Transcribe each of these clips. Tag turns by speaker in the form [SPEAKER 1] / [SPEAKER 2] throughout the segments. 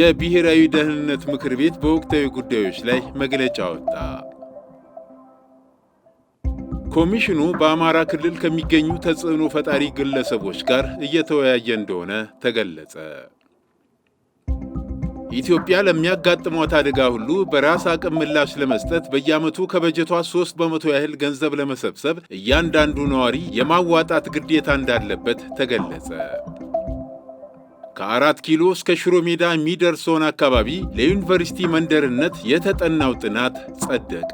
[SPEAKER 1] የብሔራዊ ደህንነት ምክር ቤት በወቅታዊ ጉዳዮች ላይ መግለጫ ወጣ። ኮሚሽኑ በአማራ ክልል ከሚገኙ ተጽዕኖ ፈጣሪ ግለሰቦች ጋር እየተወያየ እንደሆነ ተገለጸ። ኢትዮጵያ ለሚያጋጥሟት አደጋ ሁሉ በራስ አቅም ምላሽ ለመስጠት በየዓመቱ ከበጀቷ 3 በመቶ ያህል ገንዘብ ለመሰብሰብ እያንዳንዱ ነዋሪ የማዋጣት ግዴታ እንዳለበት ተገለጸ። ከአራት ኪሎ እስከ ሽሮ ሜዳ የሚደርሰውን አካባቢ ለዩኒቨርሲቲ መንደርነት የተጠናው ጥናት ጸደቀ።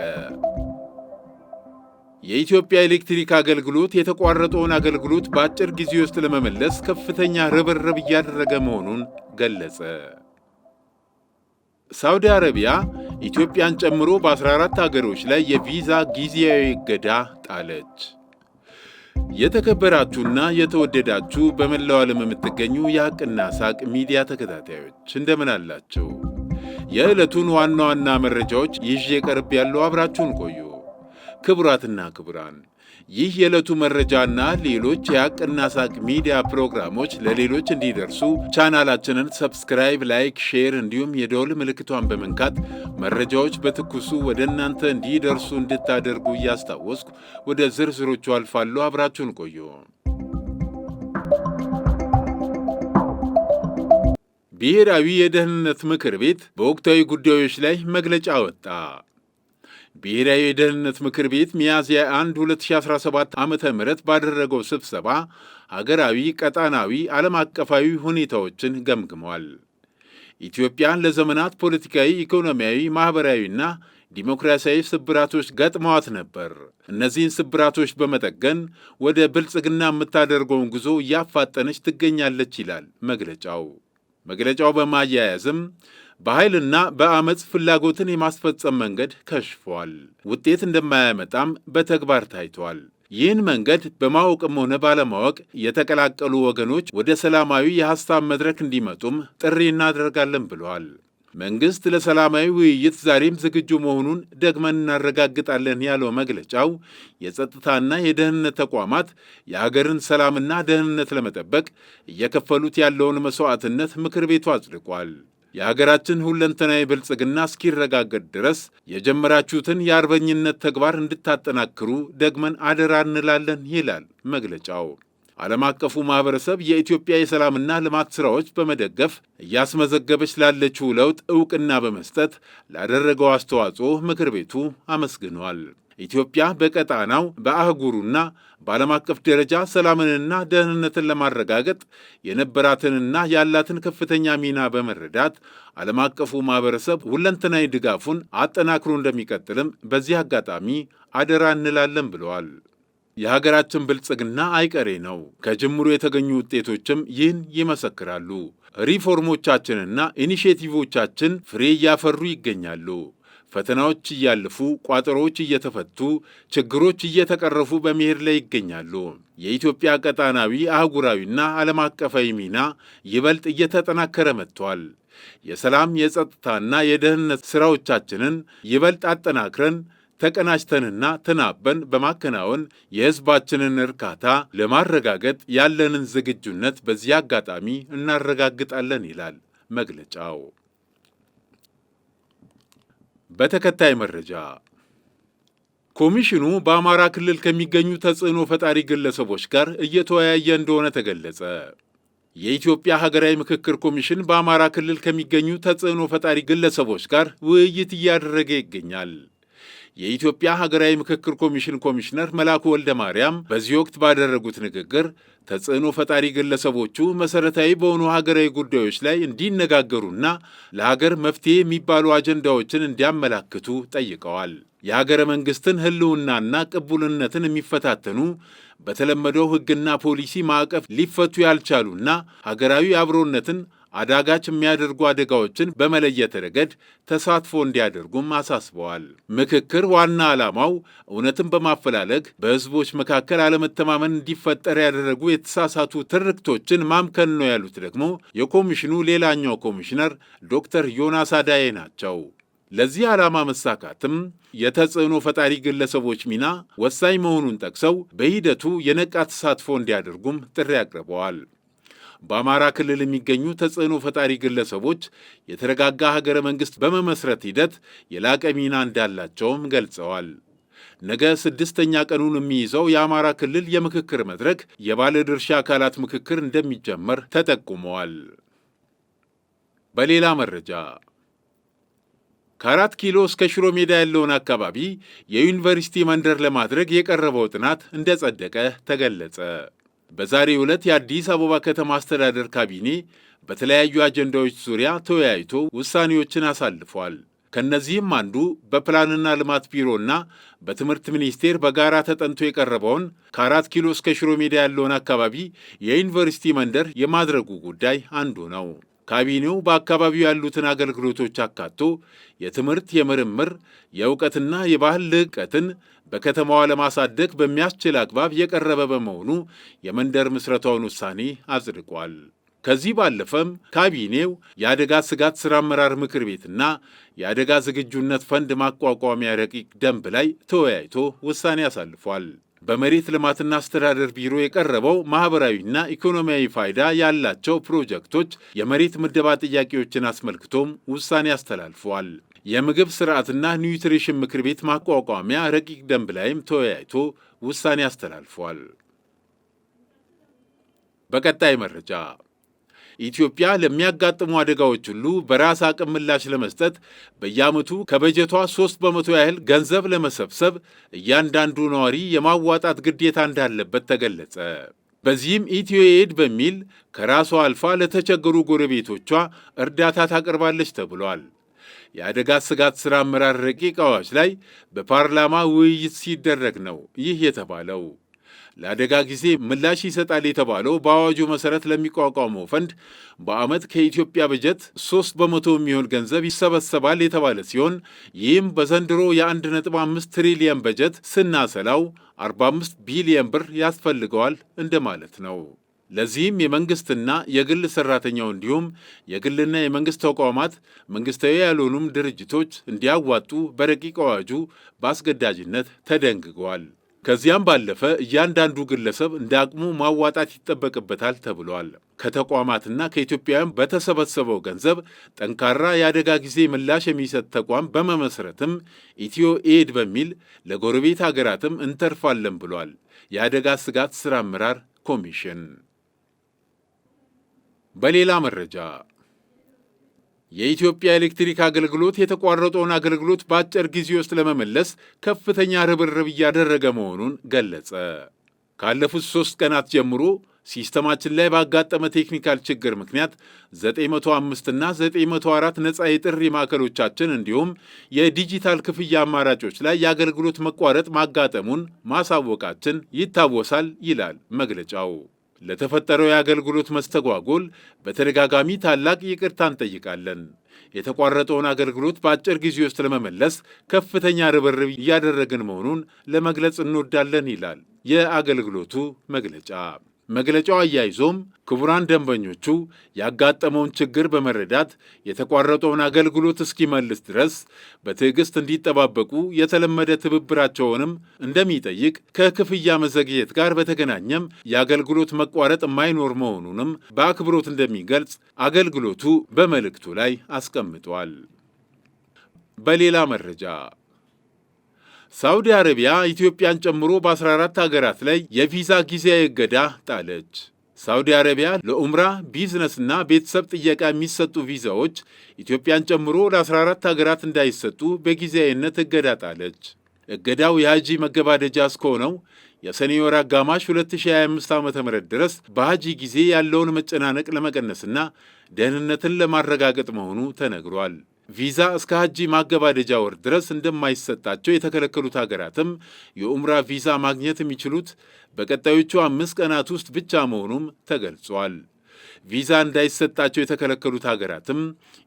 [SPEAKER 1] የኢትዮጵያ ኤሌክትሪክ አገልግሎት የተቋረጠውን አገልግሎት በአጭር ጊዜ ውስጥ ለመመለስ ከፍተኛ ርብርብ እያደረገ መሆኑን ገለጸ። ሳውዲ አረቢያ ኢትዮጵያን ጨምሮ በ14 አገሮች ላይ የቪዛ ጊዜያዊ እገዳ ጣለች። የተከበራችሁና የተወደዳችሁ በመላው ዓለም የምትገኙ የሐቅና ሳቅ ሚዲያ ተከታታዮች እንደምን አላችሁ? የዕለቱን ዋና ዋና መረጃዎች ይዤ ቀርብ ያለው አብራችሁን ቆዩ። ክቡራትና ክቡራን ይህ የዕለቱ መረጃና ሌሎች የአቅና ሳቅ ሚዲያ ፕሮግራሞች ለሌሎች እንዲደርሱ ቻናላችንን ሰብስክራይብ፣ ላይክ፣ ሼር እንዲሁም የደወል ምልክቷን በመንካት መረጃዎች በትኩሱ ወደ እናንተ እንዲደርሱ እንድታደርጉ እያስታወስኩ ወደ ዝርዝሮቹ አልፋለሁ። አብራችሁን ቆዩ። ብሔራዊ የደህንነት ምክር ቤት በወቅታዊ ጉዳዮች ላይ መግለጫ ወጣ። ብሔራዊ የደህንነት ምክር ቤት ሚያዝያ 1 2017 ዓ ም ባደረገው ስብሰባ አገራዊ፣ ቀጣናዊ፣ ዓለም አቀፋዊ ሁኔታዎችን ገምግመዋል። ኢትዮጵያ ለዘመናት ፖለቲካዊ፣ ኢኮኖሚያዊ፣ ማኅበራዊና ዲሞክራሲያዊ ስብራቶች ገጥመዋት ነበር። እነዚህን ስብራቶች በመጠገን ወደ ብልጽግና የምታደርገውን ጉዞ እያፋጠነች ትገኛለች ይላል መግለጫው። መግለጫው በማያያዝም በኃይልና በአመፅ ፍላጎትን የማስፈጸም መንገድ ከሽፏል፣ ውጤት እንደማያመጣም በተግባር ታይቷል። ይህን መንገድ በማወቅም ሆነ ባለማወቅ የተቀላቀሉ ወገኖች ወደ ሰላማዊ የሐሳብ መድረክ እንዲመጡም ጥሪ እናደርጋለን ብለዋል። መንግሥት ለሰላማዊ ውይይት ዛሬም ዝግጁ መሆኑን ደግመን እናረጋግጣለን ያለው መግለጫው የጸጥታና የደህንነት ተቋማት የሀገርን ሰላምና ደህንነት ለመጠበቅ እየከፈሉት ያለውን መሥዋዕትነት ምክር ቤቱ አጽድቋል። የሀገራችን ሁለንተናዊ ብልጽግና እስኪረጋገጥ ድረስ የጀመራችሁትን የአርበኝነት ተግባር እንድታጠናክሩ ደግመን አደራ እንላለን ይላል መግለጫው። ዓለም አቀፉ ማኅበረሰብ የኢትዮጵያ የሰላምና ልማት ሥራዎች በመደገፍ እያስመዘገበች ላለችው ለውጥ ዕውቅና በመስጠት ላደረገው አስተዋጽኦ ምክር ቤቱ አመስግኗል። ኢትዮጵያ በቀጣናው በአህጉሩና በዓለም አቀፍ ደረጃ ሰላምንና ደህንነትን ለማረጋገጥ የነበራትንና ያላትን ከፍተኛ ሚና በመረዳት ዓለም አቀፉ ማህበረሰብ ሁለንተናዊ ድጋፉን አጠናክሮ እንደሚቀጥልም በዚህ አጋጣሚ አደራ እንላለን ብለዋል። የሀገራችን ብልጽግና አይቀሬ ነው። ከጅምሩ የተገኙ ውጤቶችም ይህን ይመሰክራሉ። ሪፎርሞቻችንና ኢኒሼቲቮቻችን ፍሬ እያፈሩ ይገኛሉ። ፈተናዎች እያለፉ ቋጠሮዎች እየተፈቱ ችግሮች እየተቀረፉ በመሄድ ላይ ይገኛሉ። የኢትዮጵያ ቀጣናዊ አህጉራዊና ዓለም አቀፋዊ ሚና ይበልጥ እየተጠናከረ መጥቷል። የሰላም የጸጥታና የደህንነት ሥራዎቻችንን ይበልጥ አጠናክረን ተቀናጅተንና ተናበን በማከናወን የሕዝባችንን እርካታ ለማረጋገጥ ያለንን ዝግጁነት በዚህ አጋጣሚ እናረጋግጣለን ይላል መግለጫው። በተከታይ መረጃ ኮሚሽኑ በአማራ ክልል ከሚገኙ ተጽዕኖ ፈጣሪ ግለሰቦች ጋር እየተወያየ እንደሆነ ተገለጸ። የኢትዮጵያ ሀገራዊ ምክክር ኮሚሽን በአማራ ክልል ከሚገኙ ተጽዕኖ ፈጣሪ ግለሰቦች ጋር ውይይት እያደረገ ይገኛል። የኢትዮጵያ ሀገራዊ ምክክር ኮሚሽን ኮሚሽነር መላኩ ወልደ ማርያም በዚህ ወቅት ባደረጉት ንግግር ተጽዕኖ ፈጣሪ ግለሰቦቹ መሰረታዊ በሆኑ ሀገራዊ ጉዳዮች ላይ እንዲነጋገሩና ለሀገር መፍትሄ የሚባሉ አጀንዳዎችን እንዲያመላክቱ ጠይቀዋል። የሀገረ መንግስትን ህልውናና ቅቡልነትን የሚፈታተኑ በተለመደው ህግና ፖሊሲ ማዕቀፍ ሊፈቱ ያልቻሉና ሀገራዊ አብሮነትን አዳጋች የሚያደርጉ አደጋዎችን በመለየት ረገድ ተሳትፎ እንዲያደርጉም አሳስበዋል። ምክክር ዋና ዓላማው እውነትን በማፈላለግ በሕዝቦች መካከል አለመተማመን እንዲፈጠር ያደረጉ የተሳሳቱ ትርክቶችን ማምከን ነው ያሉት ደግሞ የኮሚሽኑ ሌላኛው ኮሚሽነር ዶክተር ዮናስ አዳዬ ናቸው። ለዚህ ዓላማ መሳካትም የተጽዕኖ ፈጣሪ ግለሰቦች ሚና ወሳኝ መሆኑን ጠቅሰው በሂደቱ የነቃ ተሳትፎ እንዲያደርጉም ጥሪ አቅርበዋል። በአማራ ክልል የሚገኙ ተጽዕኖ ፈጣሪ ግለሰቦች የተረጋጋ ሀገረ መንግሥት በመመስረት ሂደት የላቀ ሚና እንዳላቸውም ገልጸዋል። ነገ ስድስተኛ ቀኑን የሚይዘው የአማራ ክልል የምክክር መድረክ የባለድርሻ አካላት ምክክር እንደሚጀመር ተጠቁመዋል። በሌላ መረጃ ከአራት ኪሎ እስከ ሽሮ ሜዳ ያለውን አካባቢ የዩኒቨርሲቲ መንደር ለማድረግ የቀረበው ጥናት እንደጸደቀ ተገለጸ። በዛሬ ዕለት የአዲስ አበባ ከተማ አስተዳደር ካቢኔ በተለያዩ አጀንዳዎች ዙሪያ ተወያይቶ ውሳኔዎችን አሳልፏል። ከእነዚህም አንዱ በፕላንና ልማት ቢሮና በትምህርት ሚኒስቴር በጋራ ተጠንቶ የቀረበውን ከአራት ኪሎ እስከ ሽሮ ሜዳ ያለውን አካባቢ የዩኒቨርሲቲ መንደር የማድረጉ ጉዳይ አንዱ ነው። ካቢኔው በአካባቢው ያሉትን አገልግሎቶች አካቶ የትምህርት፣ የምርምር፣ የእውቀትና የባህል ልዕቀትን በከተማዋ ለማሳደግ በሚያስችል አግባብ የቀረበ በመሆኑ የመንደር ምስረታውን ውሳኔ አጽድቋል። ከዚህ ባለፈም ካቢኔው የአደጋ ስጋት ሥራ አመራር ምክር ቤትና የአደጋ ዝግጁነት ፈንድ ማቋቋሚያ ረቂቅ ደንብ ላይ ተወያይቶ ውሳኔ አሳልፏል። በመሬት ልማትና አስተዳደር ቢሮ የቀረበው ማኅበራዊና ኢኮኖሚያዊ ፋይዳ ያላቸው ፕሮጀክቶች የመሬት ምደባ ጥያቄዎችን አስመልክቶም ውሳኔ አስተላልፈዋል። የምግብ ስርዓትና ኒውትሪሽን ምክር ቤት ማቋቋሚያ ረቂቅ ደንብ ላይም ተወያይቶ ውሳኔ አስተላልፏል። በቀጣይ መረጃ ኢትዮጵያ ለሚያጋጥሙ አደጋዎች ሁሉ በራስ አቅም ምላሽ ለመስጠት በየዓመቱ ከበጀቷ ሶስት በመቶ ያህል ገንዘብ ለመሰብሰብ እያንዳንዱ ነዋሪ የማዋጣት ግዴታ እንዳለበት ተገለጸ። በዚህም ኢትዮ ኤድ በሚል ከራሷ አልፋ ለተቸገሩ ጎረቤቶቿ እርዳታ ታቀርባለች ተብሏል። የአደጋ ስጋት ሥራ አመራር ረቂቅ አዋጅ ላይ በፓርላማ ውይይት ሲደረግ ነው ይህ የተባለው። ለአደጋ ጊዜ ምላሽ ይሰጣል የተባለው በአዋጁ መሰረት ለሚቋቋመው ፈንድ በዓመት ከኢትዮጵያ በጀት 3 በመቶ የሚሆን ገንዘብ ይሰበሰባል የተባለ ሲሆን ይህም በዘንድሮ የ1.5 ትሪሊየን በጀት ስናሰላው 45 ቢሊየን ብር ያስፈልገዋል እንደማለት ነው። ለዚህም የመንግስትና የግል ሰራተኛው እንዲሁም የግልና የመንግስት ተቋማት መንግስታዊ ያልሆኑም ድርጅቶች እንዲያዋጡ በረቂቅ አዋጁ በአስገዳጅነት ተደንግገዋል። ከዚያም ባለፈ እያንዳንዱ ግለሰብ እንደ አቅሙ ማዋጣት ይጠበቅበታል ተብሏል። ከተቋማትና ከኢትዮጵያውያን በተሰበሰበው ገንዘብ ጠንካራ የአደጋ ጊዜ ምላሽ የሚሰጥ ተቋም በመመስረትም ኢትዮ ኤድ በሚል ለጎረቤት ሀገራትም እንተርፋለን ብሏል የአደጋ ስጋት ስራ አመራር ኮሚሽን በሌላ መረጃ የኢትዮጵያ ኤሌክትሪክ አገልግሎት የተቋረጠውን አገልግሎት በአጭር ጊዜ ውስጥ ለመመለስ ከፍተኛ ርብርብ እያደረገ መሆኑን ገለጸ። ካለፉት ሦስት ቀናት ጀምሮ ሲስተማችን ላይ ባጋጠመ ቴክኒካል ችግር ምክንያት 905 እና 904 ነፃ የጥሪ ማዕከሎቻችን እንዲሁም የዲጂታል ክፍያ አማራጮች ላይ የአገልግሎት መቋረጥ ማጋጠሙን ማሳወቃችን ይታወሳል ይላል መግለጫው። ለተፈጠረው የአገልግሎት መስተጓጎል በተደጋጋሚ ታላቅ ይቅርታ እንጠይቃለን። የተቋረጠውን አገልግሎት በአጭር ጊዜ ውስጥ ለመመለስ ከፍተኛ ርብርብ እያደረግን መሆኑን ለመግለጽ እንወዳለን ይላል የአገልግሎቱ መግለጫ። መግለጫው አያይዞም ክቡራን ደንበኞቹ ያጋጠመውን ችግር በመረዳት የተቋረጠውን አገልግሎት እስኪመልስ ድረስ በትዕግሥት እንዲጠባበቁ የተለመደ ትብብራቸውንም እንደሚጠይቅ ከክፍያ መዘግየት ጋር በተገናኘም የአገልግሎት መቋረጥ የማይኖር መሆኑንም በአክብሮት እንደሚገልጽ አገልግሎቱ በመልእክቱ ላይ አስቀምጧል። በሌላ መረጃ ሳውዲ አረቢያ ኢትዮጵያን ጨምሮ በ14 ሀገራት ላይ የቪዛ ጊዜያዊ እገዳ ጣለች። ሳውዲ አረቢያ ለኡምራ ቢዝነስና ቤተሰብ ጥየቃ የሚሰጡ ቪዛዎች ኢትዮጵያን ጨምሮ ለ14 ሀገራት እንዳይሰጡ በጊዜያዊነት እገዳ ጣለች። እገዳው የሀጂ መገባደጃ እስከሆነው የሰኔ ወር አጋማሽ 2025 ዓ ም ድረስ በሀጂ ጊዜ ያለውን መጨናነቅ ለመቀነስና ደህንነትን ለማረጋገጥ መሆኑ ተነግሯል። ቪዛ እስከ ሀጂ ማገባደጃ ወር ድረስ እንደማይሰጣቸው የተከለከሉት ሀገራትም የኡምራ ቪዛ ማግኘት የሚችሉት በቀጣዮቹ አምስት ቀናት ውስጥ ብቻ መሆኑም ተገልጿል። ቪዛ እንዳይሰጣቸው የተከለከሉት ሀገራትም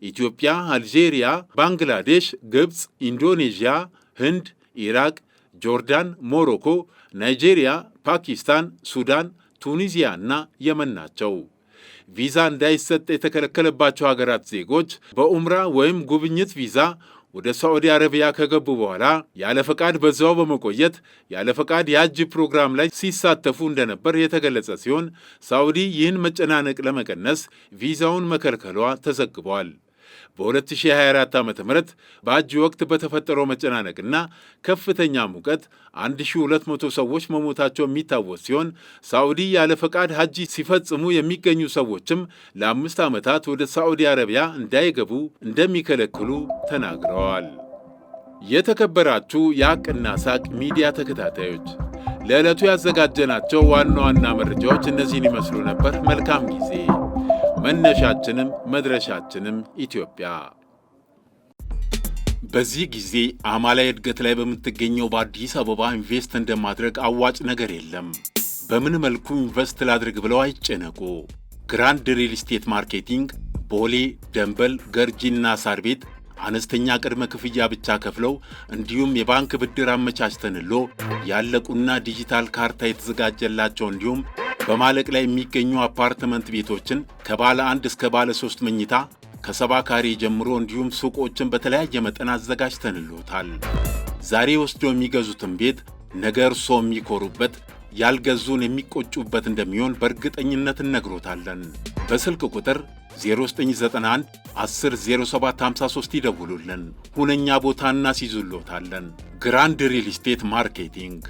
[SPEAKER 1] ኢትዮጵያ፣ አልጄሪያ፣ ባንግላዴሽ፣ ግብፅ፣ ኢንዶኔዥያ፣ ህንድ፣ ኢራቅ፣ ጆርዳን፣ ሞሮኮ፣ ናይጄሪያ፣ ፓኪስታን፣ ሱዳን፣ ቱኒዚያ እና የመን ናቸው። ቪዛ እንዳይሰጥ የተከለከለባቸው ሀገራት ዜጎች በኡምራ ወይም ጉብኝት ቪዛ ወደ ሳዑዲ አረቢያ ከገቡ በኋላ ያለ ፈቃድ በዚያው በመቆየት ያለ ፈቃድ የአጅ ፕሮግራም ላይ ሲሳተፉ እንደነበር የተገለጸ ሲሆን ሳዑዲ ይህን መጨናነቅ ለመቀነስ ቪዛውን መከልከሏ ተዘግቧል። በ2024 ዓ ም በአጅ ወቅት በተፈጠረው መጨናነቅና ከፍተኛ ሙቀት 1200 ሰዎች መሞታቸው የሚታወስ ሲሆን ሳዑዲ ያለ ፈቃድ ሐጂ ሲፈጽሙ የሚገኙ ሰዎችም ለአምስት ዓመታት ወደ ሳዑዲ አረቢያ እንዳይገቡ እንደሚከለክሉ ተናግረዋል። የተከበራችሁ የአቅና ሳቅ ሚዲያ ተከታታዮች ለዕለቱ ያዘጋጀናቸው ዋና ዋና መረጃዎች እነዚህን ይመስሉ ነበር። መልካም ጊዜ መነሻችንም መድረሻችንም ኢትዮጵያ። በዚህ ጊዜ አማላይ እድገት ላይ በምትገኘው በአዲስ አበባ ኢንቨስት እንደማድረግ አዋጭ ነገር የለም። በምን መልኩ ኢንቨስት ላድርግ ብለው አይጨነቁ። ግራንድ ሪል ስቴት ማርኬቲንግ ቦሌ፣ ደንበል፣ ገርጂና ሳር ቤት አነስተኛ ቅድመ ክፍያ ብቻ ከፍለው እንዲሁም የባንክ ብድር አመቻችተንሎ ያለቁና ዲጂታል ካርታ የተዘጋጀላቸው እንዲሁም በማለቅ ላይ የሚገኙ አፓርትመንት ቤቶችን ከባለ አንድ እስከ ባለ ሶስት መኝታ ከሰባ ካሬ ጀምሮ እንዲሁም ሱቆችን በተለያየ መጠን አዘጋጅተንልዎታል። ዛሬ ወስደው የሚገዙትን ቤት ነገ እርስዎ የሚኮሩበት ያልገዙን የሚቆጩበት እንደሚሆን በእርግጠኝነት እነግሮታለን። በስልክ ቁጥር 0991 0753 ይደውሉልን። ሁነኛ ቦታ እናስይዙልዎታለን። ግራንድ ሪል ስቴት ማርኬቲንግ